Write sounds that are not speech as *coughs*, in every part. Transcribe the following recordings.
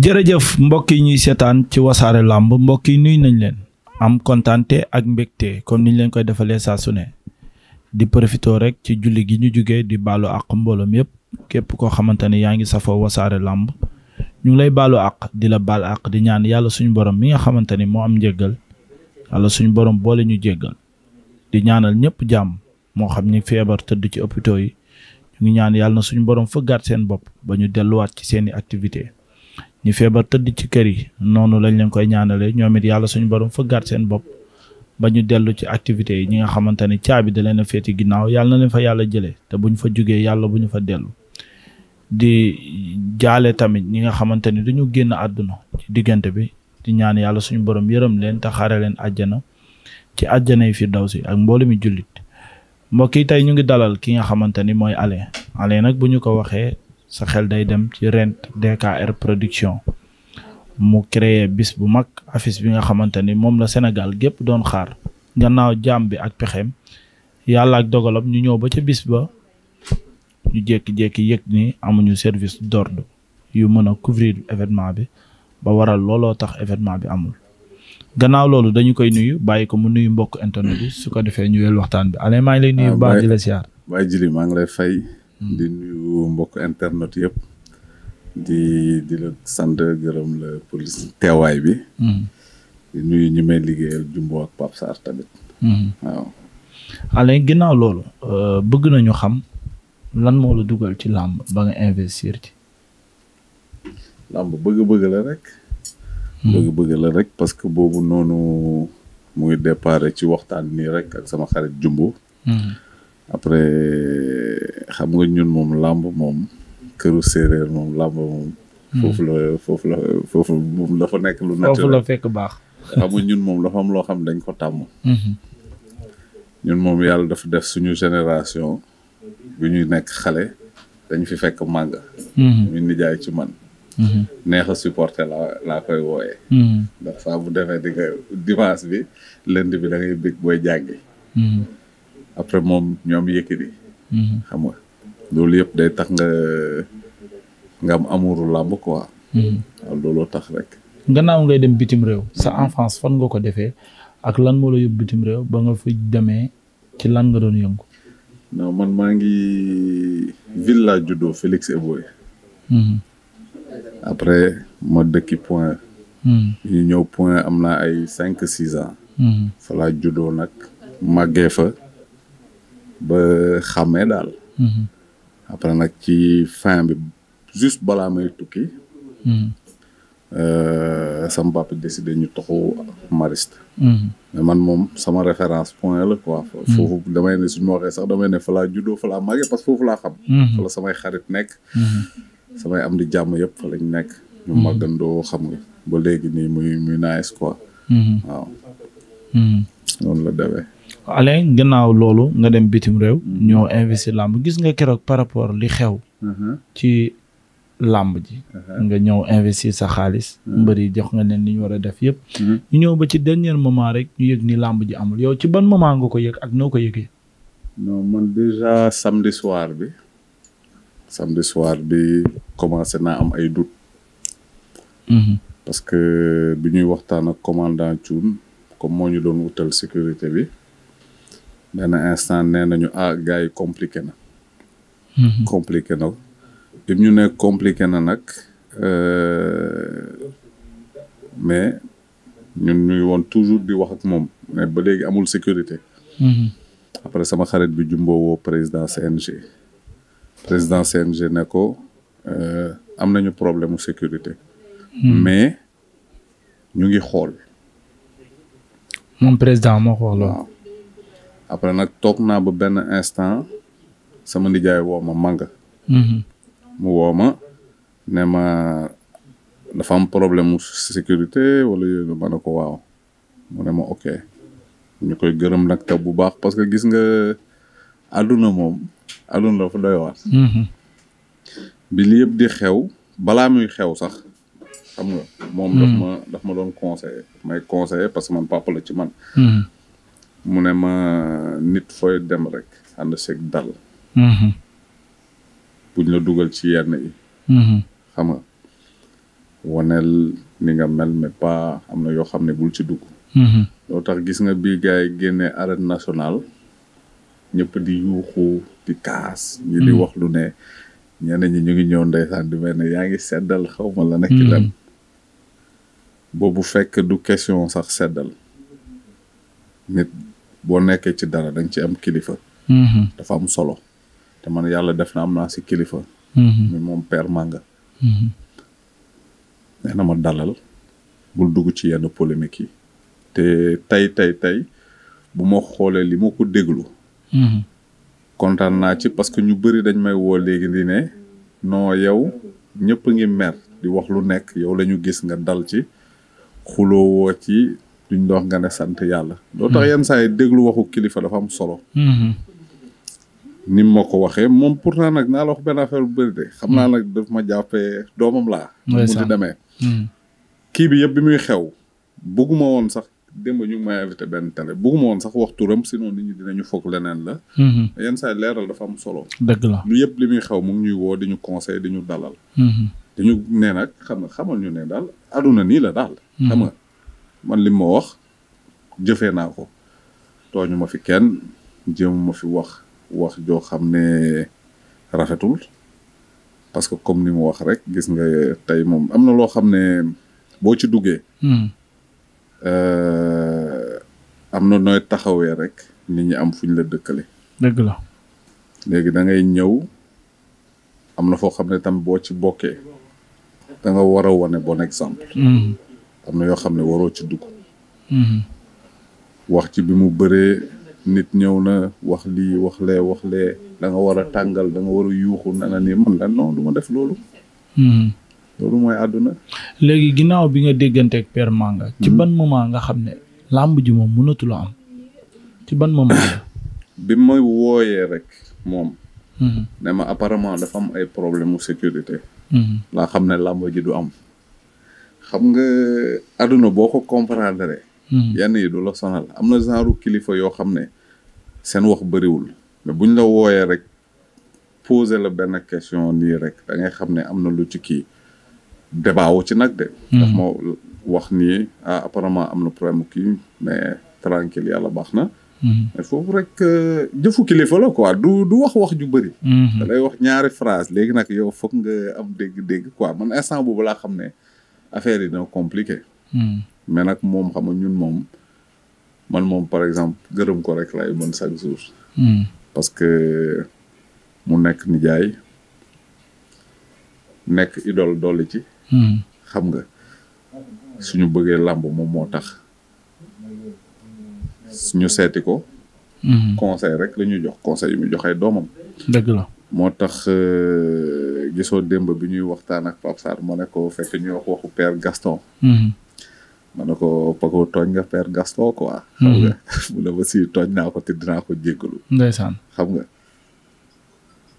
jërëjëf mbokk yi ñuy seetaan ci wasaare làmb mbokk yi nuy nañ leen am kontaante ak mbégte comme niñ leen koy defalee saa su ne di profitoo rek ci julli gi ñu jugee di baalu àq mbooloom yëpp képp koo xamante ne yaa ngi safoo wasaare làmb ñu ngi lay baalu àq di la baal àq di ñaan yàlla suñu borom bi nga xamante ni moo am njéggal yàlla suñu borom boole ñu jéggal di ñaanal ñëpp jàmm moo xam ni feebar tëdd ci hôpitaux yi ñu ngi ñaan yàlla na suñu borom fëggaat seen bopp ba ñu delluwaat ci seeni activité ñu feebar tëdd ci kër yi noonu lañ leen koy ñaanale ñoom it yàlla suñu borom fëggaat seen bopp ba ñu dellu ci activités yi ñi nga xamante ne caabi da leen a féeti ginnaaw yàlla na leen fa yàlla jëlee te bu ñu fa jógee yàlla bu ñu fa dellu di jaale tamit ñi nga xamante ni duñu génn àdduna ci diggante bi di ñaan yàlla suñu borom yërëm leen te xare leen àjjana ci àjjana yi fi firdawsi ak mboolu mi jullit mbokk yi tey ñu ngi dalal ki nga xamante ni mooy Alé nag bu ñu ko waxee sa xel day dem ci rent DKR production mu créer bis bu mag affice bi nga xamante ni moom la Sénégal gépp doon xaar gannaaw jaam bi ak pexeem yàlla ak dogalam ñu ñëw ba ca bis ba ñu jékki-jékki yëg ni amuñu service d'ordre yu mën a couvrir événement bi ba waral looloo tax événement bi amul gannaaw loolu dañu koy nuyu bàyyi ko mu nuyu mbokk internet bi su ko defee ñu wel waxtaan bi Alain maa lay nuyu ah, baax di la siyaar. maa ngi lay fay. Mm. di nuyu mbokk internet yëpp. di di la sant gërëm la police teewaay bi. Mm. di nuyu ñi may liggéeyal Jumbo ak Pape Sarr tamit. Mm. waaw. ale ginnaaw loolu euh, bëgg nañu xam lan moo la dugal ci làmb ba nga investir ci. làmb bëgg-bëgg la rek. bëgg-bëgg la rek parce que boobu noonu mu ngi départ ci waxtaan nii rek ak sama xarit Jumbo. après xam nga ñun moom làmb moom këru séréer moom làmb moom hmm. foofu la foofu la foofu dafa nekk lu naturel foofu la fekk baax xam nga ñun moom dafa am loo xam dañ ko tàmm hmm. ñun moom yàlla dafa def suñu génération bi nekk xale dañ fi fekk màgg ñu hmm. nijaay ci man neex a supporter la laa koy wooyee ndax bu defee di nga bi lundi bi da ngay bég booy jàngi après moom ñoom Yékini mm-hmm. xam nga loolu yëpp day tax nga nga am amuru làmb quoi. Mm-hmm. waaw looloo tax rek. gannaaw ngay dem bitim réew. sa enfance fan nga ko defee ak lan moo la bitim réew ba nga fi demee ci lan nga doon yëngu. non man maa ngi ville laa juddoo Félix Eboy. Mm-hmm. après ma dëkki point. ñëw point am na ay cinq six ans. fa laa juddoo nag màggee fa. ba xàmmee daal. Mhm. après nag ci fin bi juste balaa may tukki. Mhm. Euh, sama papa décidé ñu toxu Mariste. Mhm. man moom sama référence point la quoi. foofu damay ne suñu waxee sax damay ne fa laa juddoo fa laa foofu laa xam. fa la samay xarit nekk. samay am di jàmm yëpp fa nekk. ñu màggandoo xam nga ba léegi nii muy muy nice quoi. waaw. noonu la demee. Alain gannaaw loolu nga dem bitim réew. Mm-hmm. ñoo investir làmb gis nga keroog par rapport li xew. Mm-hmm. ci làmb ji. Mm-hmm. nga ñëw investir sa xaalis. mbër yi jox nga leen li ñu war a def yëpp. ñu ñëw ba ci dernier moment rek ñu yëg ni làmb ji amul yow ci ban moment nga ko yëg ak noo ko yëgee. non man déjà samedi soir bi samedi soir bi commencé naa am ay doute. parce que bi ñuy waxtaan ak commandant Thioune comme moo ñu doon wutal sécurité bi. benn instant nee nañu ah gars yi compliqué na. Mhm. compliqué na bi ñu ne compliqué na nag euh, mais ñun ñuy woon toujours di wax ak moom mais ba léegi amul sécurité. Mhm. après sama xarit bi jumbo woo président CNG. président CNG ne ko euh, am nañu problème mu sécurité. Mhm. mais ñu ngi xool. moom président moo xool waaw. après nag toog naa ba benn instant sama nijaay woo ma manga mhm. mu woo ma ne ma dafa am problème mu sécurité wala yooyu ma ne ko waaw mu ne ma ok ñu koy gërëm nag te bu baax parce que gis nga àdduna moom àdduna dafa doy waar mhm. bi yëpp di xew balaa muy xew sax xam nga moom daf ma daf ma doon conseil may conseiller parce que man papa la ci man mhm. mu ne ma nit fooy dem rek ànd seeg dal mm-hmm. buñ la dugal ci yenn yi mm-hmm. xam nga waneel ni nga mel mais pas am na yoo xam ne bul ci dugg mm-hmm. loo tax gis nga bii gars yi génne arène nationale ñëpp di yuuxu di kaas ñi di wax lu ne ñeneen ñi ñu ngi ñëw ndeysaan di mel ne yaa ngi seddal xaw ma la nekk lan boobu fekk du question sax seddal nit boo nekkee ci dara da nga ci am kilifa. Mm-hmm. dafa am solo te man yàlla def na am naa si kilifa. mi mm-hmm. moom père Manga. Mm-hmm. ma dalal bul dugg ci yenn polémique yi te tey tey tey bu ma xoolee li ma ko déglu. kontaan naa ci parce que ñu bëri dañ may woo léegi di ne non yow ñëpp ngi mer di wax lu nekk yow lañu gis nga dal ci xuloo woo ci. duñ dox nga ne sant yàlla. loo hmm. tax yenn saa yi déglu waxu kilifa dafa am solo. Hmm. ni ma ko waxee moom pourtant nag naa la wax benn affaire bu bëri de. xam naa hmm. nag daf ma jàppee doomam laa. mu di demee. kii bi yëpp bi muy xew. bugguma woon sax démb ñu ngi la. yenn saa la lu yëpp li muy xew mu ngi ñuy woo di ñu conseil ne daal aduna nii la daal. xam man li ma wax jëfee naa ko tooñu ma fi kenn jéem fi wax wax joo xam ne rafetul parce que comme ni mu wax rek gis nga tey moom am na loo xam ne boo ci duggee hmm. euh, am na nooy taxawee rek nit ñi am fuñ la dëkkale la léegi dangay ñëw am na foo xam ne tam boo ci bokkee danga nga war a wane bon exemple hmm. am na yoo xam ne waroo ci dugg. Mm-hmm. wax ci bi mu bëree nit ñëw na wax lii wax lee wax lee da nga war a tàngal da nga war a yuuxu na na ni man la non duma def loolu. Mm-hmm. loolu mooy àdduna. léegi ginnaaw bi nga déggante ak Père Manga. ci mm-hmm. ban moment nga xam ne làmb ji moom mënatu am ci ban moment la. *coughs* bi ma wooyee rek moom. ne ma apparemment dafa am ay problème mu sécurité. laa xam ne làmb ji du am. xam nga àdduna boo ko comprendre hmm. yenn yi du la sonal am na genre kilifa yoo xam ne seen wax bëriwul mais buñ la wooyee rek poser la benn question nii rek da ngay xam ne am na lu ci kii débat wu ci nag de ndax hmm. ma wax nii ah apparemment am na problème kii mais tranquille yàlla baax na hmm. mais foofu rek euh, jëfu kilifa la quoi du du wax wax ju bëri da lay wax ñaari phrase léegi nag yow foog nga am dégg-dégg quoi man instant boobu laa xam ne affaire yi na compliqué. Hmm. mais nag moom xam nga ñun moom man moom par exemple gërëm ko rek lay mën chaque jours hmm. parce que mu nekk nijaay nekk idole dolli ci. Hmm. xam nga suñu bëggee làmb moom moo tax suñu seeti ko. conseil rek la jox conseil yu mu joxee doomam. dëgg la moo tax euh, gisoo démb bi ñuy waxtaan ak Pape Sarr moo ne ko fekk ñuy wax waxu père Gaston. Mm-hmm. ma ne ko Paco tooñ nga père Gaston quoi. Mm-hmm. xam nga *laughs* mu ne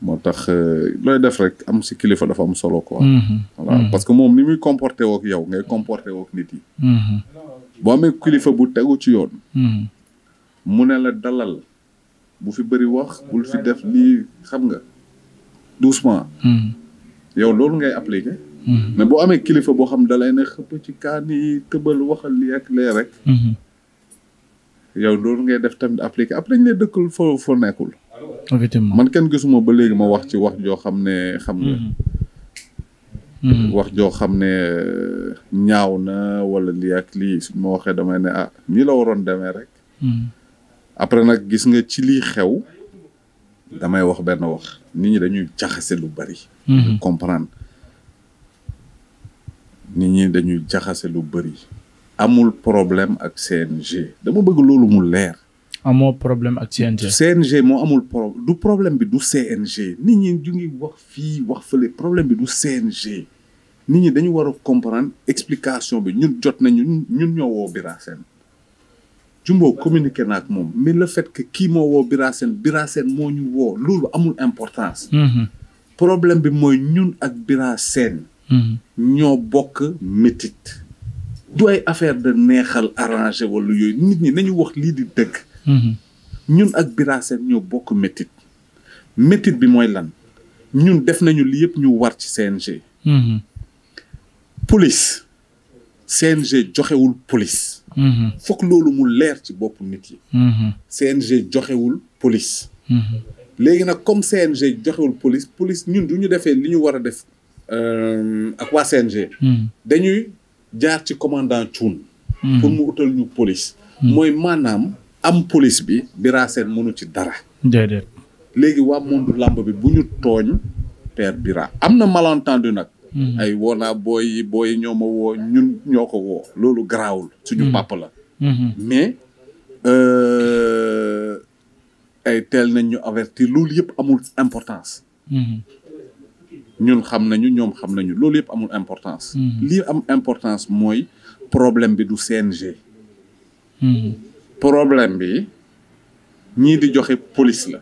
ma moo tax euh, looy def rek am si kilifa dafa am solo quoi. Mm-hmm. parce que moom ni muy comporté wook yow ngay comporté wook nit boo amee kilifa bu tegu ci yoon. mu ne la dalal bu fi bëri wax bul fi def lii xam nga. douze mois. Hmm. yow loolu ngay appliqué. Hmm. mais boo amee kilifa boo xam da lay ne xëpp ci kaan yi tëbal waxal lii ak rek. Hmm. yow loolu ngay def tamit appliqué après ñu ne dëkkul foo foo nekkul. effectivement man kenn gisuma ba léegi ma wax ci wax joo xam ne xam na wax joo xam ne euh, ñaaw na wala lii ak lii su ma waxee damay ne ah nii la waroon demee rek. après nag gis nga ci lii xew. damay wax benn wax nit ñi dañuy jaxase lu bari. Mhm. comprendre nit ñi dañuy jaxase lu bari. amul problème ak CNG dama bëgg loolu mu leer. amoo problème ak CNG. CNG moo amul pro du problème bi du CNG nit ñi ñu ngi wax fii wax fële problème bi du CNG nit ñi dañu waru a comprendre explication bi ñu jot nañu ñun ñoo woo Bira Jumbo communiqué na ak moom mi le fait que kii moo woo Bira Sène moo ñu woo loolu amul importance. Mhm. problème bi mooy ñun ak Bira mhm. ñoo bokk métit. du ay affaire de neexal arrangé wala yooyu nit ñi nañu wax lii di dëgg. Mhm. ñun ak Bira ñoo bokk métit. métit bi mooy lan ñun def nañu li yëpp ñu war ci CNG. police. CNG joxewul police. Mm-hmm. foog loolu mu leer ci bopp nit yi mm-hmm. CNG joxewul police mm-hmm. léegi nag comme CNG joxewul police police ñun du ñu defee li ñu war a def euh, ak waa CNG dañuy jaar ci commandant Thioune pour mu utal ñu police mooy maanaam am police bi Bira Sène mënu ci dara déedéet léegi waa monde làmb bi bu ñu tooñ père Bira am na malentendu nag Mm-hmm. ay woo booy yi booy yi ñoo ma woo ñun ñoo ko woo loolu garaawul mm-hmm. suñu papa la mm-hmm. mais euh, ay teel nañ ñu avertir loolu yëpp amul importance ñun xam nañu ñoom xam nañu loolu yëpp amul importance lii am importance mooy problème bi du CNG problème bi ñii di joxe police la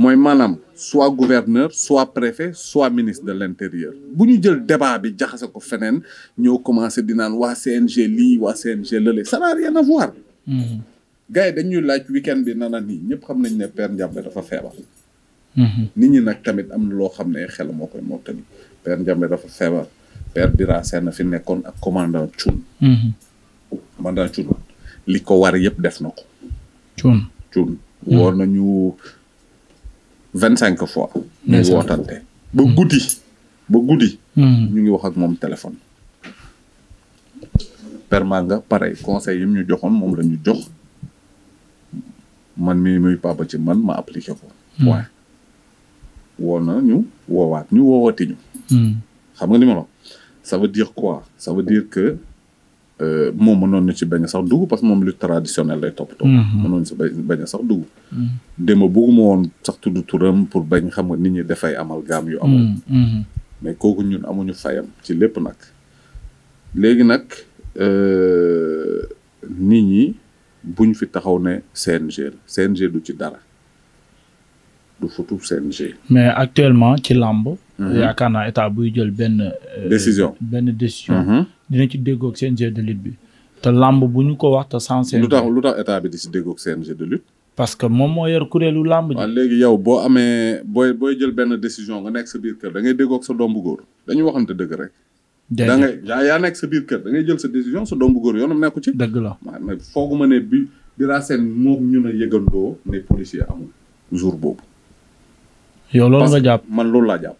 mooy maanaam soit gouverneur soit préfet soit ministre de l'intérieur bu ñu jël débat bi jaxase ko feneen ñoo commencé di naan waa CNG lii waa CNG lële ça n'a rien à voir. Mm-hmm. dañuy laaj week bi nana nii ñëpp xam nañ ne Père Ndiambé dafa feebar. Mm-hmm. nit ñi nag tamit am loo xam ne xel moo koy mottali Père Ndiambé dafa feebar Père Bira Sène fi nekkoon ak commandant Thioune. Mm-hmm. commandant Thioune li ko war yëpp def na ko. Thioune Thioune woor nañu. vingt cinq fois. ñu ngi wootante ba hmm. guddi ba guddi. Hmm. ñu ngi wax ak moom téléphone. permanga pareil conseil yi ñu joxoon moom lañu jox man mi muy papa ci man ma appliqué ko. waaye hmm. woo na ñu woowaat ñu woowaati xam nga li ma la ça dire quoi ça dire que. Euh, moom mënoon na ci bañ sax dugg parce que moom lu traditionnel lay toppatoo. Mhm. mënoon na ci bañ a sax dugg. Mhm. démb bëgguma woon sax tudd turam pour bañ xam nga nit ñi dafay amal gaam yu amul. Mhm, mais kooku ñun amuñu fayam ci lépp nag. léegi nag euh, nit ñi buñ fi taxaw ne seen la CNG du ci dara. du fotu CNG. mais actuellement ci làmb. Mhm. yaakaar naa état buy jël benn. Euh, décision benn décision. Mhm. dina ci déggoog CNG de lutte bi. te làmb bu ñu ko wax te sans CNG. lu tax état bi di si déggoog CNG de lutte. parce que moom moo yor kuréelu làmb ji. léegi yow boo amee booy booy jël benn décision nga nekk sa biir kër da ngay déggoog sa doom bu góor dañu waxante dëgg rek. da ngay yaa nekk sa biir kër da ngay jël sa décision sa domb bu góor yoonam nekku ci. dëgg la mais fooguma ne bi bi laa seen moom ñu ne yëgandoo ne policier amul jour boobu. yow loolu nga jàpp man loolu laa jàpp.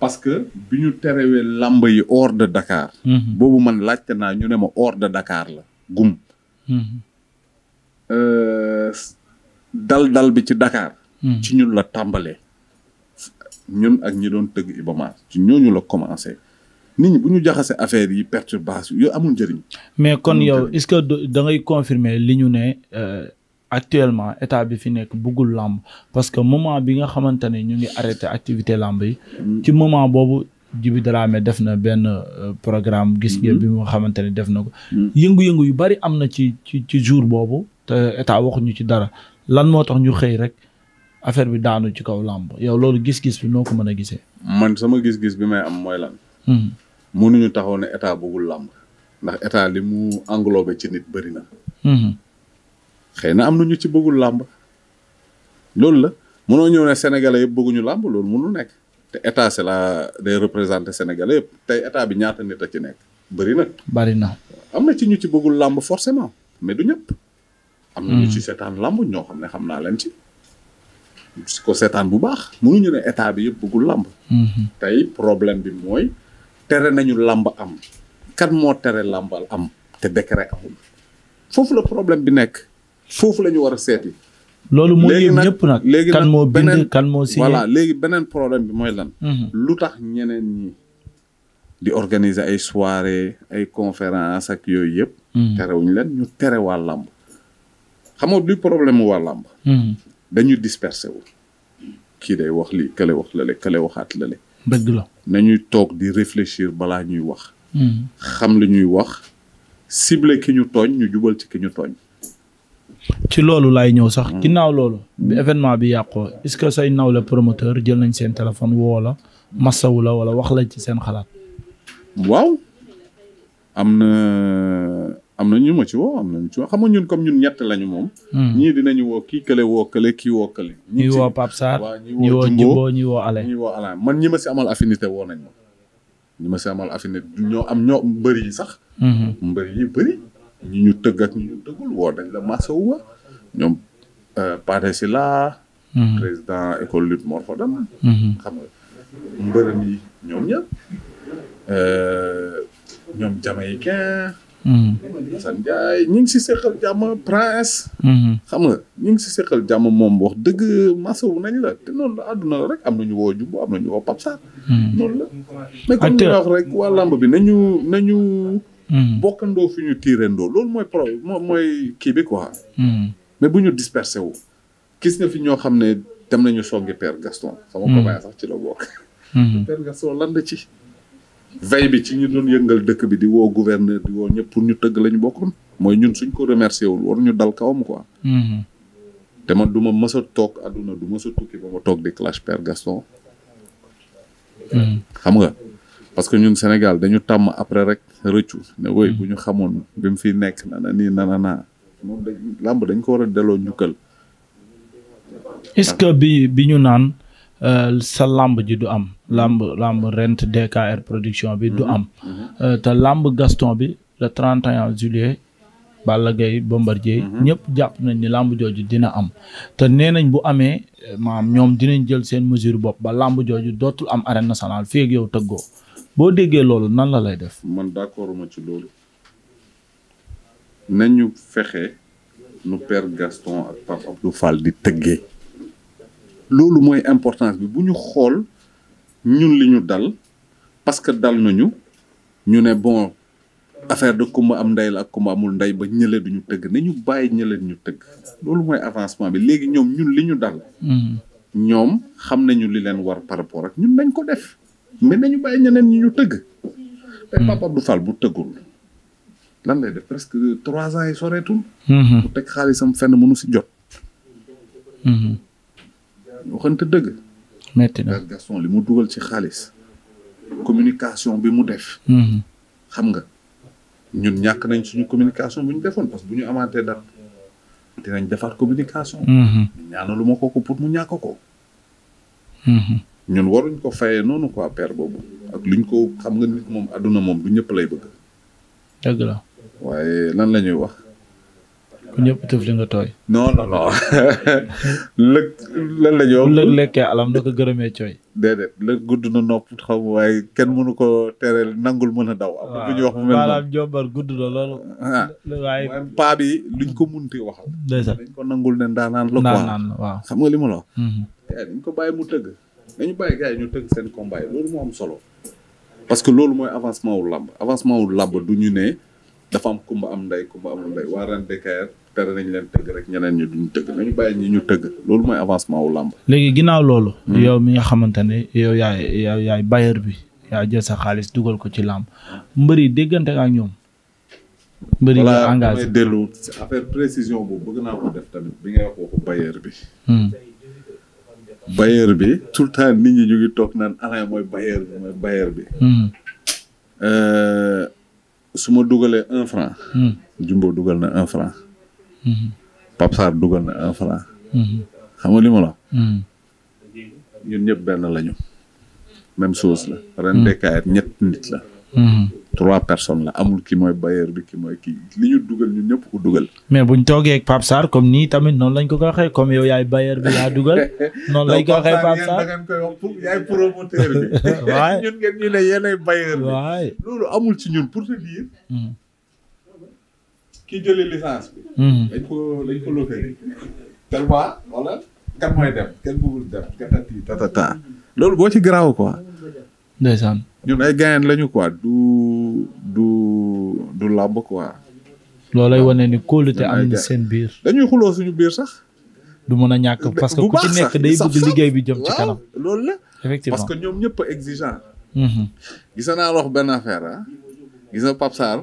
parce que bi ñu terewee làmb yi hors de Dakar. Mhm. boobu man laajte naa ñu ne ma hors dakaar Dakar la gum. dal-dal mhm. euh, bi ci dakaar mhm. ci ñu la tàmbalee. ñun ak ñi doon tëgg Ibama ci ñooñu la commencé nit ñi bu ñu jaxasee affaire yi perturbation yooyu amul njëriñ. mais kon yow est-ce que da ngay confirmer li ñu ne. Euh... actuellement état bi fi nekk buggul làmb parce que moment bi nga xamante ne ñu ngi arrêté activité làmb yi ci moment boobu Djiby Dramé def na benn euh, programme gis ngeen mm-hmm. bi nga xamante ne def na ko mm-hmm. yëngu-yëngu yu bari am na ci ci ci jour boobu te état waxuñu ci dara lan moo tax ñu xëy rek affaire bi daanu ci kaw làmb yow loolu gis-gis bi noo ko mën a gisee man sama gis-gis bi may am mooy lan mm-hmm. mënuñu taxaw ne état buggul làmb ndax état li mu englobé ci nit bëri na xëy na am na ñu ci bëggul làmb loolu la mënoo ñëw ne sénégalais yëpp bëgguñu làmb loolu mënul nekk te état c'est la day représenter sénégalais yëpp tey état bi ñaata nit a ci nekk bëri na. bëri na am na ci ñu ci bëggul làmb forcément mais du ñëpp. am na ñu ci hmm. seetaan làmb ñoo xam ne xam naa leen ci. si ko seetaan bu baax mënuñu ne état bi yëpp bëggul làmb hmm. tey problème bi mooy tere nañu làmb am kan moo tere làmbal am te décret amul foofu la problème bi nekk foofu la ñu war a seeti. loolu moo yëg yëpp nag léegi kan moo bind kan moo signé voilà léegi beneen problème bi mooy lan. Mhm. lu tax ñeneen ñi di organiser ay soirée ay conférence ak yooyu yëpp. Mhm. terewuñu leen ñu tere waa làmb xam nga luy problème mu waa làmb mhm. dañu dispersé wu. kii day wax lii kële wax lale kële waxaat le dëgg la nañuy toog di réfléchir balaa ñuy wax. xam li ñuy wax ciblé ki ñu tooñ ñu jubal ci ki ñu tooñ. ci loolu laay ñëw sax mm. ginnaaw loolu bi événement bi yàqoo est-ce que say nawle promoteur jël nañ seen téléphone woo la masawu la wala wax lañ ci seen xalaat. waaw am na am na ñu ma ci woo am na ñun comme ñun ñett lañu moom. Mm. ñii dinañu woo kii kële woo kële kii woo kële. ñii woo Pape Sarr ñii woo Jumbo ñii woo Ale ñii woo man ñi ma si amal affinité woo nañ ma. ñi ma si amal affinité ñoo am ñoo mbër yi sax. Mm-hmm. mbër yi bëri. ñu ñu tëgg ak ñu ñu tëggul woo dañ la masawu wa ñoom euh, Pathé la mm-hmm. président école lutte Mor Fadam mm-hmm. xam nga yi ñoom ñëpp euh, ñoom jamaïcain mm-hmm. Assane Ndiaye ñi ngi si seqal jàmm prince xam nga ñi ngi si seqal jàmm moom wax dëgg masawu nañ la te noonu la àdduna la rek am nañu woo jubbu am nañu woo Pape Sarr noonu la mais comme ñu wax rek waa lamb bi nañu nañu Hmm. bokkandoo fi ñu tiirandoo loolu mooy pro mooy kii bi quoi. Hmm. mais bu ñu dispersé wu. gis nga fi ñoo xam ne dem nañu songi Père Gaston. sama copain hmm. sax ci la bokk. *laughs* Père Gaston lan la ci. veille bi ci ñu doon yëngal dëkk bi di woo gouverneur di woo ñëpp ñu tëgg la ñu bokkoon. mooy ñun suñ ko remercié wul waruñu dal kawam quoi. te du ma mës a toog àdduna du mës tukki ba ma toog di clash Père Gaston. xam nga. parce que ñun Sénégal dañu tàmm après rek rëccu ne woy hmm. bu ñu xamoon bi mu fiy nekk na na nii nana naa moom dañ làmb dañ ko war a delloo njukkal est-ce que bi bi ñu naan uh, sa làmb ji du am làmb hmm. làmb rent DKR production bi du hmm. am euh, te làmb Gaston bi le 31 juillet Balla Gaye Bombardier ñëpp jàpp nañ ni làmb jooju dina am te nee nañ bu amee maam ñoom dinañ jël seen mesure bopp ba làmb jooju dootul am arène nationale fii ak yow tëggoo boo déggee loolu nan la lay def. man d'accord ma ci loolu nañu fexe nu père Gaston ak Pape Abdou Fall di tëggee loolu mooy importance bi bu ñu xool ñun li ñu dal parce que dal nañu ñu ne bon affaire de kumba am ndey la ak kumba amul ndey ba ñële duñu tëgg ñu bàyyi ñële ñu tëgg loolu mooy avancement bi léegi ñoom ñun li ñu dal. Mm-hmm. ñoom xam nañu li leen war par rapport ak ñun nañ ko def. mais nañu bàyyi ñeneen ñi ñu tëgg. tey Pape Abdou Fall bu tëggul lan lay def presque trois ans yi soreetul. bu mhm. teg xaalisam fenn mënu si jot. Mhm. waxante dëgg. metti na Gaston li mu dugal ci xaalis communication bi mu def. Mhm. xam nga ñun ñàkk nañ suñu communication bu ñu defoon parce que bu ñu amaatee dara dinañ defaat communication. ñaanaluma ko ko pour mu ñàkk ko. ñun waruñ ko fayee noonu quoi père boobu ak luñ ko xam nga nit moom àdduna moom du ñëpp lay bëgg. dëgg la. waaye lan la ñuy wax. ku ñëpp tëf nga tooy. non non *laughs* la ñuy wax. lëg lekkee alam da ko gërëmee cooy. déedéet lëg gudd na nopp xam waaye kenn mënu ko tereel nangul mën a daw. a bu wax mu mel noonu maanaam gudd na loolu. Ah. waaye paa bi luñ ko munti waxal. ko nangul ne ndaanaan la mm-hmm. mu tëgg. nañu bàyyi gars yi ñu tëgg seen combat yi loolu moo am solo parce que loolu mooy avancement wu làmb avancement wu làmb du ñu nee dafa am kumba am ndey kumba am ndey waa ren DKR tere leen tëgg rek ñeneen ñi duñu tëgg nañu bàyyi ñi ñu tëgg loolu mooy avancement wu làmb. léegi ginnaaw loolu. Hmm. yow mi nga xamante ne yow yaay yow yaay bailleur bi yaa jël sa xaalis dugal ko ci làmb mbër yi déggante ak ñoom. mbër yi engagé voilà damay dellu affaire précision boobu bëgg naa ko def tamit bi nga wax waxu bailleur bi. Hmm. bailleur bi tout le temps nit ñi ñu ngi toog naan Alain mooy mooy bailleur bi. Hmm. Euh, su ma dugalee un franc. Hmm. Jumbo dugal na un franc. Hmm. Pape dugal na un franc. xam nga li ma la. ñun ñëpp benn lañu. même chose la. ren dekkaayat ñett nit la. trois personnes la amul ki mooy bailleur bi ki mooy kii li ñu dugal ñun ñëpp ko dugal. mais buñ toogee ak Pape Sarr comme nii tamit noonu lañ ko ko waxee comme yow yaay bailleur bi yaa dugal. *laughs* noonu lañ ko waxee Pape Sarr da ngeen koy wax pour yaay promoteur bi. *laughs* waay ñun loolu amul ci ñun pour te dire. Hmm. ki hmm. dañ ko dañ ko localiser. tellement wala kan mooy dem loolu boo ci garaaw quoi. ndeysaan ñun ay gaynde lañu quoi du du du làmb quoi. loolay wane ni kóolute am na seen biir. dañuy xuloo suñu biir sax. du mën a ñàkk parce que ku ci nekk day bëgg liggéey bi jëm ci kanam. loolu la effectivement parce que ñoom ñëpp a exigeant. Mhm. gis naa wax benn affaire ah. gis na Pape Sarr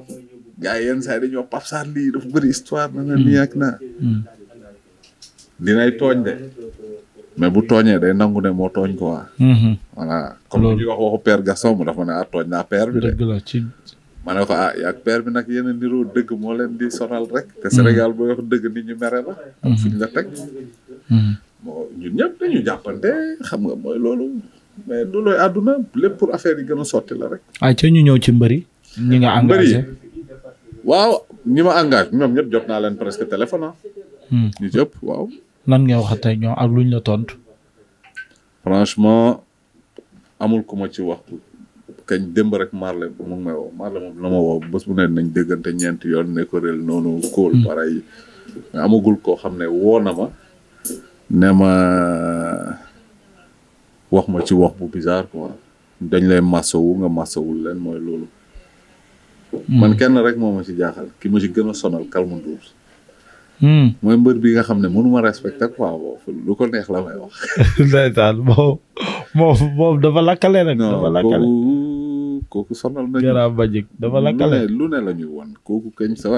gars yi yenn saa yi dañuy wax Pape Sarr lii dafa bëri histoire na na mhm. nii ak naa. Mhm. dinay tooñ de. mais bu tooñee day nangu ne moo tooñ ko waa mhm. voilà comme li ñuy wax waxu père Gaston mu dafa ne ah tooñ naa père bi de dëgg la ci ma ne ko ah yaag père bi nag yéen a niroo dëgg moo leen di sonal rek te mhm. Sénégal booy wax dëgg nit ñu mere la am mhm. fu ñu la teg moo ñun ñëpp xam nga mooy loolu mais du looy àdduna lépp pour yi gën a sotti la rek ay ñu ñëw ci mbëri ñi nga engagé waaw ñi ma engagé ñoom ñëpp jot naa leen presque téléphone ah ñu lan ngay waxante ak ñoom ak luñ la tontu. franchement amul ku ma ci waxtu kañ démb rek Marley mu ngi may woo Marley moom la ma woo bés bu ne nañ déggante ñeenti yoon ne ko réel noonu. kóol hmm. pareil amagul koo xam ne woo na ma. ne ma wax ma ci wax bu bizarre ko dañ lay masawu nga masawul leen mooy loolu. Hmm. man kenn rek moom ma ci jaaxal ki ma ci gën a sonal Calme Ndour Hmm. mooy mbër bi nga xam ne mënu ma respecté quoi boobu lu ko neex la may wax. *laughs* ndeysaan moom moom moom dafa lakkale nag. dafa lakkale non kooku ba jik dafa lu ne la ñuy won kooku kañ sa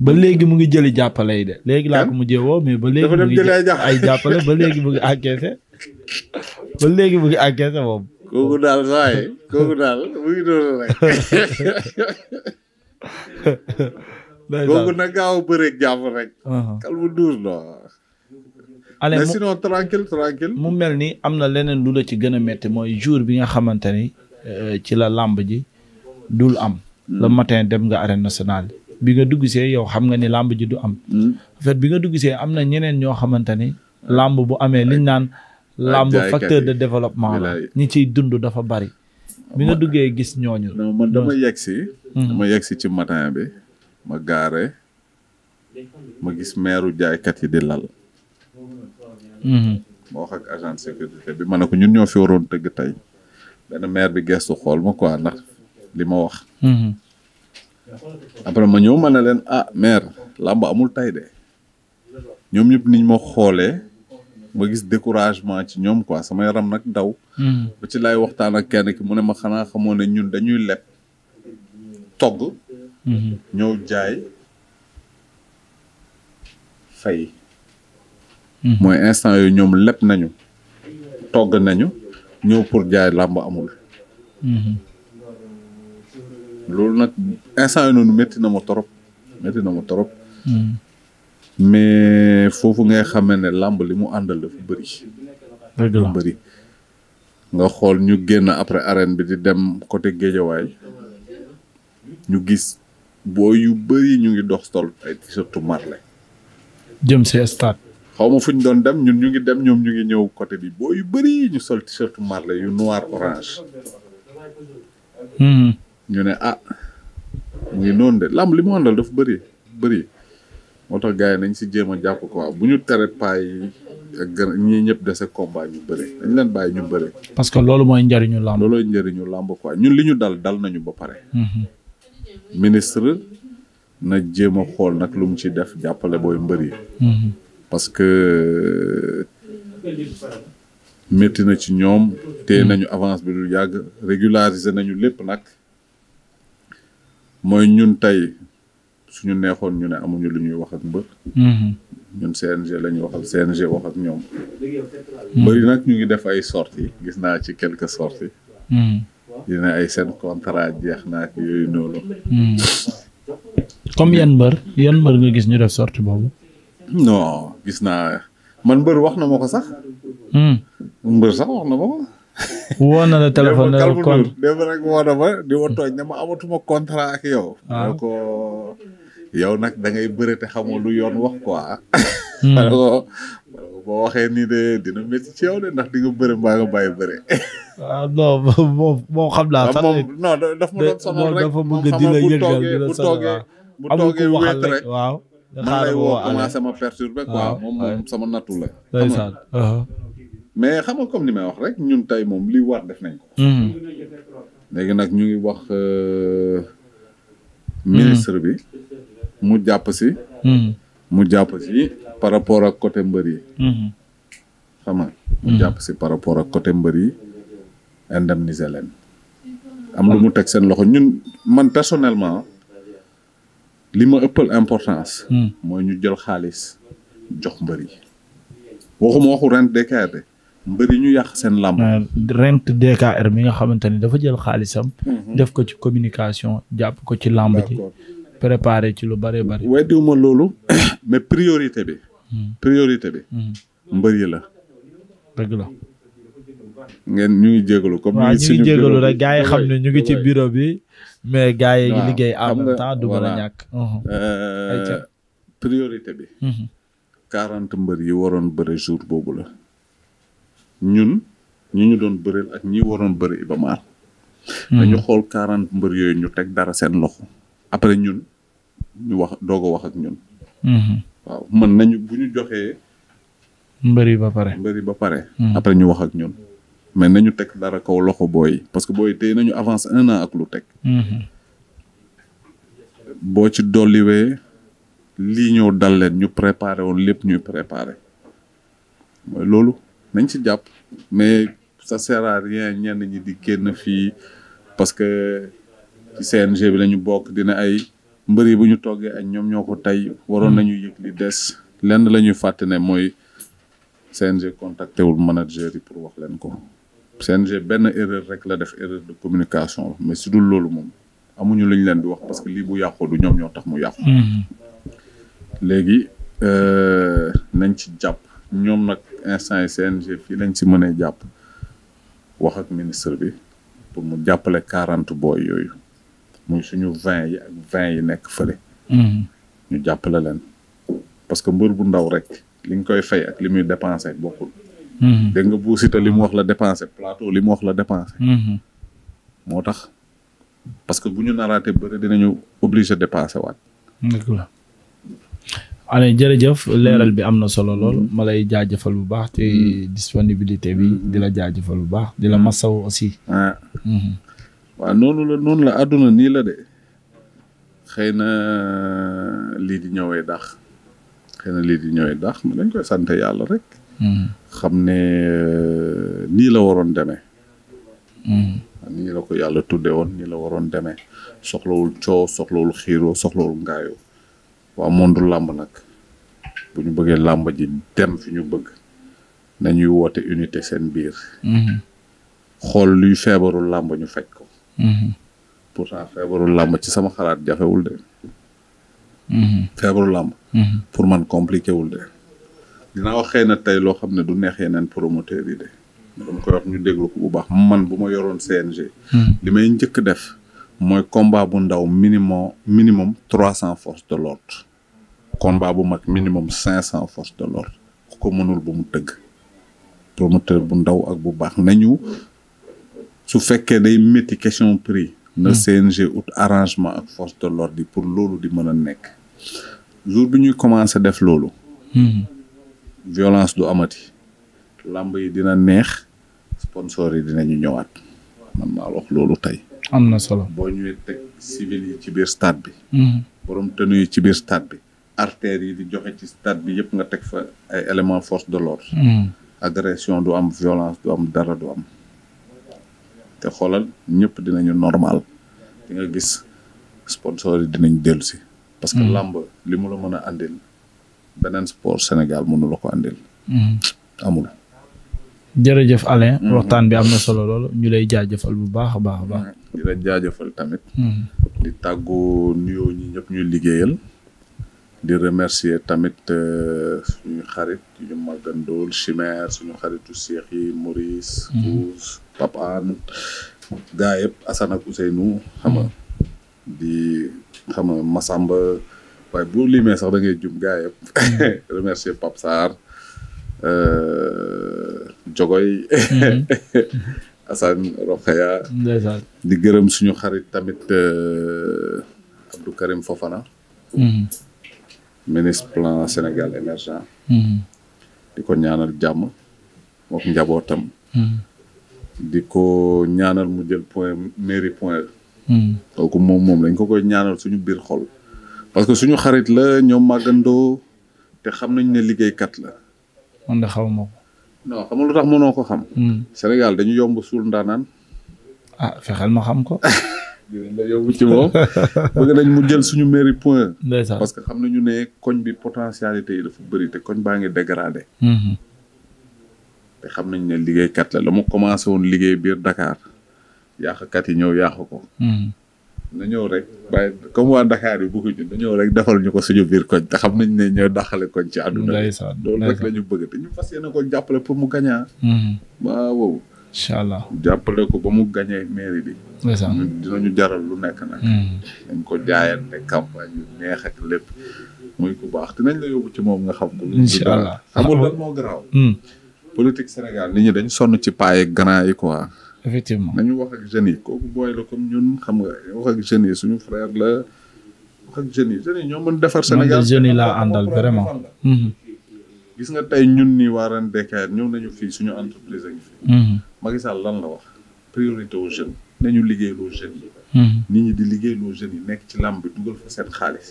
ba léegi mu ngi jëli jàppale yi de. léegi laa ko mujjee woo mais ba léegi. dafa dem ay jàppale ba léegi mu ngi encaissé. ba léegi mu ngi encaissé moom. kooku daal waaye *laughs* kooku na gaaw bëreeg jàmm rek. Uh-huh. calme douce non. allez mais sinon mu mel ni am na leneen lu la ci gën a métti mooy jour bi nga xamante ni euh, ci la làmb ji dul am. Hmm. le matin dem nga arène nationale bi nga dugg see yow xam nga ni làmb ji du am. Hmm. en bi nga dugg see am na ñeneen ñoo xamante ni làmb bu amee liñ naan. làmb facteur de développement la ñi ciy dund dafa bari. bi nga duggee gis ñooñu. non hmm. dama yegg si. dama si ci matin bi. ma gaare ma gis meeru jaaykat yi di lal mm-hmm. ma wax ak agent sécurité bi ma ne ko ñun ñoo fi waroon tëgg tey benn maire bi gestu xool ma quoi ndax li ma wax mm-hmm. après ma ñëw ma ne leen a ah, maire làmb amul tay de ñoom ñëpp niñ ma xoolee ma gis découragement ci ñoom quoi sama yaram nag daw mm-hmm. ba ci lay waxtaan ak kenn ki mu ne ma xanaa xamoo ne ñun dañuy leb togg Mm-hmm. ñëw jaay fay mm-hmm. mooy instant yooyu ñoom lépp nañu togg nañu ñëw pour jaay làmb amul mm-hmm. loolu nag instant yooyu noonu métti na ma torop métti na ma torop mais foofu ngay xamee ne làmb li mu àndal dafa bëri nga xool ñu génn après arène bi di dem côté géejawaay ñu gis boo yu bëri ñu ngi dox sol ay surtout Marley. jëm si stade. xaw ma fu ñu doon dem ñun ñu ngi dem ñoom ñu ngi ñëw côté bi boo yu bëri ñu sol t-shirt Marley yu noir orange. Hmm. ñu ne ah mu ngi noonu de lamb li mu àndal dafa bëri bëri moo tax gars yi nañ si jéem a jàpp ko waaw bu ñu tere paa yi ak gën ñii ñëpp dese combat ñu bëri dañ leen bàyyi ñu bëri. parce que loolu mooy njariñu lamb. loolooy njëriñu lamb ñun li ñu dal dal nañu ba pare. Hmm, hmm. ministre na jéem a xool nag lu mu ci def jàppale booy mbër yi. Mhm. parce que métti na ci ñoom. téye mhm. nañu avance bi du yàgg régulariser nañu lépp nag mooy ñun tey suñu neexoon ñu ne amuñu lu ñuy wax ak mbër. Mhm. ñun CNG la ñu waxal CNG wax ak ñoom. mbër nag ñu ngi def ay sorties gis naa ci quelques sorties. Mm ñu ne ay seen contrat jeex na ak yooyu noonu. Hmm. comme yan mbër yan mbër nga gis ñu def sortie boobu. non gis naa man mbër wax na ma ko sax. Hmm. mbër sax wax na ma ko. woo na la téléphone ne la compte démb rek woo na ma di ma tooñ ne ma amatuma contrat ak yow. Ah. yow nag da ngay bëre te lu yoon wax quoi. Hmm. *laughs* boo waxee nii de dina métti ci yow de ndax di nga bëre mbaa nga bàyyi bëre. ah non moom moom xam naa. sax non daf ma doon sonal rek dafa bëgg di la yëngal di la sonal bu toogee bu toogee waaw. man lay woo commencé ma perturbé quoi moom moom sama nattu la. ndeysaan uh-huh. mais xam nga comme ni may wax rek ñun tey moom li war def nañ hmm. léegi nag ñu ngi wax euh, ministre bi mu jàpp si. Hmm. mu jàpp si par rapport ak côté mbër yi. Mhm. xam mhm. jàpp si par rapport ak côté mbër yi indemniser leen. am lu mu teg seen loxo ñun man personnellement li ma ëppal importance. Mhm. mooy ñu jël xaalis jox mbër yi. waxuma waxu rent DKR de mbër yi ñu yàq seen làmb. Euh, rent DKR mi nga xamante ni dafa jël xaalisam. def ko ci communication jàpp ko ci làmb ji. préparé ci lu bari bëree bëri. weddiwuma loolu *coughs* mais priorité bi. Hmm. priorité bi. Hmm. mbër yi la. dëgg la. ngeen ñu ngi jégalu comme. ñu ngi suñu bureau rek gars yi xam ne ñu ngi ci bureau bi. mais gars yi liggéey en même temps du mën ñàkk. Uh-huh. Euh, priorité bi. Hmm. quarante mbër yi waroon bëre jour boobu la. ñun ñu ñu doon bëreel ak ñi waroon bëri Iba dañu xool quarante mbër yooyu ñu teg dara seen loxo. après ñun ñu wax doog a wax ak ñun. Mhm. waaw mën nañu bu ñu joxee. mbëri ba pare mbëri ba pare. Mhm. après ñu wax ak ñun. mais nañu teg dara kaw loxo booy parce que booy tey nañu avance un an ak lu teg. Mhm. boo ci dolliwee lii ñëw dal leen ñu préparé woon lépp ñuy préparé mooy loolu nañ ci jàpp mais ça sert à rien ñenn ñi di génn fii parce que. ci CNG bi la ñu bokk dina ay mbër yi bu ñu toggee ak ñoom ñoo ko tey waroon hmm. nañu yëg li des lenn la ñuy fàtte ne mooy CNG contacté wul manager yi pour wax leen ko CNG benn erreur rek la def erreur de communication mais su dul loolu moom amuñu lu ñu leen di wax parce que lii bu yàqu du ñoom ñoo tax mu yàqu. Hmm. léegi euh, nañ ci jàpp ñoom nag instant yi CNG fii lañ ci mënee jàpp wax ak ministre bi pour mu jàppale quarante booy yooyu. muy suñu vingt yi ak vingt yi nekk fële. Mm-hmm. ñu jàppale leen parce que mbër bu ndaw rek li nga koy fay ak li muy dépensé bokkul. Mm-hmm. dégg nga bu Siteu li mu wax la dépensé plateau li mu wax la dépensé. Mm-hmm. moo tax parce que bu ñu naraatee bëri dinañu obligé dépensé waat. dëgg la ale jërëjëf leeral bi am na solo lool ma lay jaajëfal bu baax te disponibilité bi di la jaajëfal bu baax di la ah. masaw aussi. Ah. waaw noonu la noonu la àdduna nii la de xëy na euh, lii di ñëwee dax xëy na lii di ñëwee dax ma dañ koy sant yàlla rek hmm. xam ne euh, nii la waroon deme hmm. nii la ko yàlla tudde woon nii la waroon deme soxlawul coow soxlawul xiiroo soxlawul ngaayoo waa mondu làmb nag bu ñu bëggee làmb ji dem fi ñu bëgg nañuy woote unité seen biir hmm. xool luy feebaru làmba ñu faj ko Mm-hmm. pourtant feebaru làmb ci sama xalaat jafewul de. Mm-hmm. feebaru làmb. Mm-hmm. pour man compliqué wul de. dina wax xëy na tey loo xam ne du neexee yeneen promoteur yi de. dama koy wax ñu déglu ko bu baax man bu ma yoroon CNG. li may njëkk def mooy combat bu ndaw minimum minimum trois cent forces de l'ordre. combat bu mag minimum cinq cent forces de l'ordre ku ko mënul bumu mu tëgg. promoteur bu ndaw ak bu baax nañu su fekkee day métti question prix. na hmm. CNG ut arrangement ak force de l'ordre pour loolu di mën a nekk. jour bi ñuy commencé def loolu. Hmm. violence du amati. làmb yi dina neex sponsor yi dinañu ñëwaat man maa wax loolu tey. am na solo boo ñëwee teg civil yi ci biir stade bi. Hmm. borom te yi ci biir stade bi. artères yi di joxe ci stade bi yëpp nga teg fa ay éléments force de l'ordre. agression du am violence du am dara du am. te xoolal ñëpp dinañu normal di nga gis sponsor yi dinañ dellu si. parce que mm-hmm. làmb li mu la mën a andil beneen sport Sénégal mënu la ko andil. Mm-hmm. amul. jërëjëf Alain mm-hmm. waxtaan bi am na solo lool ñu lay jaajëfal bu baax a baax baax. di la jaajëfal tamit. di tàggu nuyoo ñi ñëpp ñu liggéeyal. di remercier tamit euh, suñu xarit ñu màggandool chimère suñu xaritu Cheikh yi Maurice Pouce mhm. Papaan gaa yëpp Assane ak Ousseynou xam nga mhm. di xam nga Massamba bu limee sax da ngay jum gaa yëpp mhm. *laughs* remercier Pape Sarr euh, Jogoy *laughs* Assane Rokhaya di gërëm suñu xarit tamit euh, Abdou Karim Fofana ministre plan Sénégal émergent hmm. di ñaanal jàmm mook njabootam hmm. di ko ñaanal mu jël point mairie point e. hmm. kooku moom moom lañ ko koy ñaanal suñu biir xol parce que suñu xarit la ñoom màggandoo te xam nañ ne liggéeykat la man da xaw ma ko non xam lu tax mënoo ko xam Sénégal dañu yomb suul ndaanaan ah fexeel ma xam ko *laughs* dinañ la yóbbu ci moom *laughs* bëgg nañ mu jël suñu mairie point. ndeysaan parce que xam na ñu ne koñ bi potentialité yi dafa bëri te koñ baa ngi dégradé. Mm-hmm. te xam nañ ne liggéeykat la la mu commencé woon liggéey biir Dakar yàqkat yi ñëw yàq ko. Mm-hmm. na ñëw rek waaye comme waa Dakar yi bëgguñu na ñëw rek defal ñu ko suñu biir koñ te xam nañ ne ñoo daxale koñ ci àdduna. ndeysaan loolu rek la ñu bëgg te ñu fas yéene ko jàppale pour mu gañaa. Mm-hmm. waaw. incha allah jàppale ko ba mu gañee mairie bi. dinañu jaral lu nekk nag. Hmm. dañ ko jaayante campagne yu neex ak lépp. muy ku baax dinañ la yóbbu ci moom nga xam ko. incha allah amul lan moo garaaw. Hmm. politique Sénégal nit ñu dañ sonn ci paa yeeg grand yi quoi. effectivement nañu wax ak jeunes yi kooku booy comme ñun xam nga ak jeunes yi suñu frère la wax ak jeunes yi jeunes defar. Sénégal man jeunes yi laa àndal vraiment. Hmm. gis nga tey ñun ni waa Randekat ñëw nañu fii suñu entreprise ak fii. Macky Sall lan la wax priorité aux jeunes nañu liggéeyloo jeunes yi. Hmm. nit ñi di liggéey liggéeyloo jeunes yi nekk ci làmb bi dugal fa seen xaalis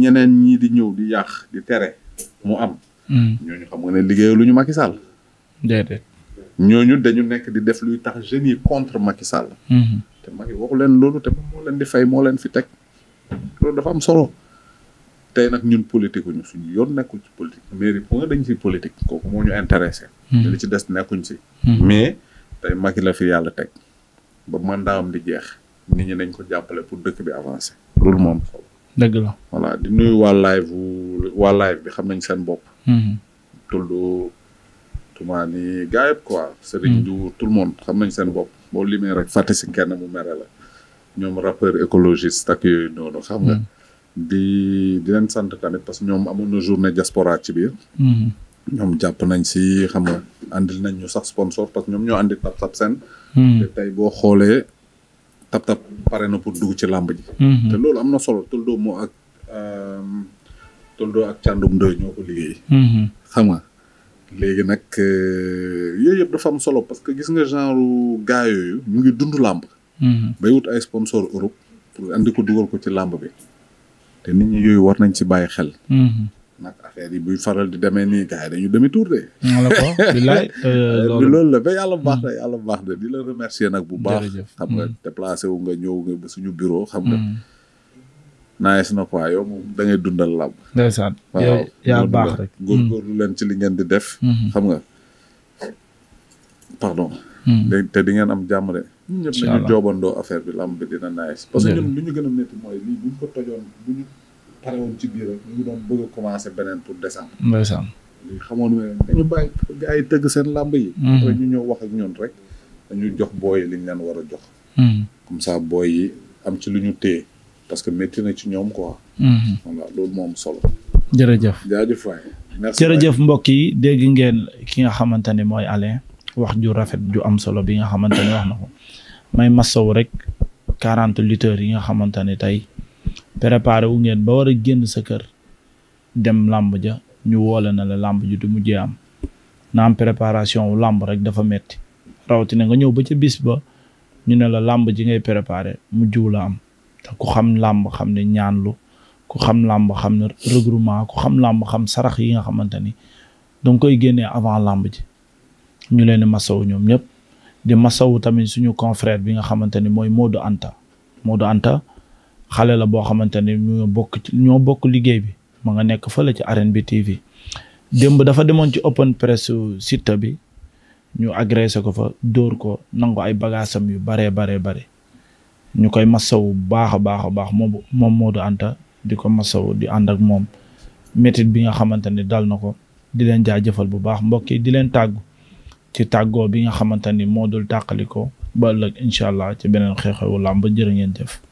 ñeneen ñii di ñëw di yàq di tere mu am. Hmm. ñooñu xam nga ne liggéeyaluñu Macky Sall. ñoo ñu dañu nekk di def luy tax jeune yi contre Macky Sall. Hmm. te Macky waxu leen loolu te moo leen di fay moo leen fi teg loolu dafa am solo. tey nag ñun politique ñu suñu yoon nekkul ci politique mairie pour nga dañ ci politique kooku moo ñu intéressé. tey Macky la fi yàlla teg ba mandaam di jeex nit ñi nañ ko jàppale pour dëkk bi avancer loolu moom solo dëgg la voilà di nuyu waa live waa live bi xam nañ seen bopp mm-hmm. tullu tumaani gars ko quoi mm-hmm. Serigne Diour tout le monde xam nañ seen bopp boo limee rek fàtte si kenn mu mere la ñoom rappeur écologiste ak yooyu noonu xam nga mm-hmm. di di leen sant tamit parce que ñoom amoon na journée diaspora ci biir ñoom jàpp nañ si xam nga àndil nañ ñu sax sponsor parce que ñoom ñoo àndi tap tap seen. Hmm. te tey boo xoolee tap tap pare na pour dugg ci làmb ji. Hmm. te loolu am na solo Toldo moo ak euh, Toldo ak Thiandoum Ndoye ñoo ko liggéey. Hmm. xam nga léegi nag euh, yooyu yëpp dafa am solo parce que gis nga genre gars yooyu ñu ngi dund làmb. bay wut ay sponsor Europe pour andi ko dugal ko ci làmb bi te nit ñi yooyu war nañ ci bàyyi xel. nag affaire yi buy faral di demee nii gars yi dañu demi tour de. loolu loolu la ba yàlla bu baax de hmm. yàlla bu baax de di la remercier nag bu baax. xam nga hmm. déplacé wu nga ñëw nga ba suñu bureau xam nga. Hmm. nice na quoi yow da ngay dundal làmb. ndeysaan yow yaa baax leen ci li di def. xam nga pardon. te di ngeen am jàmm de. ñun joobandoo affaire bi làmb bi dina nice. parce que ñun li ñu gën a mooy lii bu ko tojoon pare woon ci biir rek ngi doon bëgg a commencé beneen pour décembre. ndeysaan. xamoon nga dañu bàyyi gars yi tëgg seen làmb yi. Mm-hmm. après ñu ñëw wax ak ñun rek dañu jox booy yi li ñu war a jox. Mm-hmm. comme ça booy yi am ci lu ñu téye parce que métti na ci ñoom ko mm-hmm. voilà jërëjëf jaajëf jërëjëf mbokk yi dégg ngeen ki nga xamante ne mooy Alain wax ju rafet ju am solo bi nga xamante ne wax na ko may masawu rek quarante lutteurs yi nga xamante ne tey. préparé wu ngeen ba war a génn sa kër dem làmb ja ñu woole na la làmb ji du mujjee am na am préparation wu làmb rek dafa metti rawatina nga ñëw ba ca bis ba ñu ne la làmb ji ngay préparé mujjul la am te ku xam làmb xam ne ñaanlu ku xam làmb xam ne regroupement ku xam làmb xam sarax yi nga xamante ni danga koy génnee avant làmb ji ñu leen di ñoom ñëpp di masawu tamit suñu confrère bi nga xamante ni mooy Modou Anta Modou Anta xale la boo xamante ne ñoo bokk ñoo bokk liggéey bi ma nga nekk fële ci arène bi TV démb dafa demoon ci open press site bi ñu agressé ko fa dóor ko nangu ay bagaasam yu baree baree bare ñu koy masawu baax a baax a baax moom moo Modou Anta di ko masawu di ànd ak moom métit bi nga xamante ne dal na ko di leen jëfal bu baax mbokk yi di leen tàggu ci tàggoo bi nga xamante ni moo dul tàqali ko ba ëllëg incha allah ci beneen xew-xewu làmb jërë ngeen jëf.